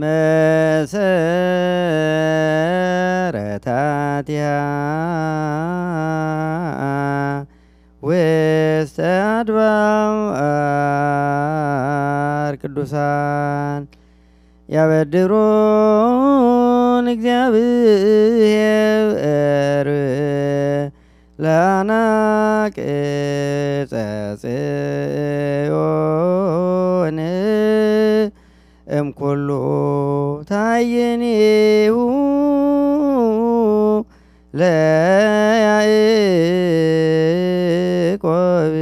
መሰረታቲሃ ውስተ አድባር ቅዱሳን ያበድሮን እግዚአብሔር ላናቅጸ ጽዮን እምኮሎ ታየኔሁ ለያዕቆብ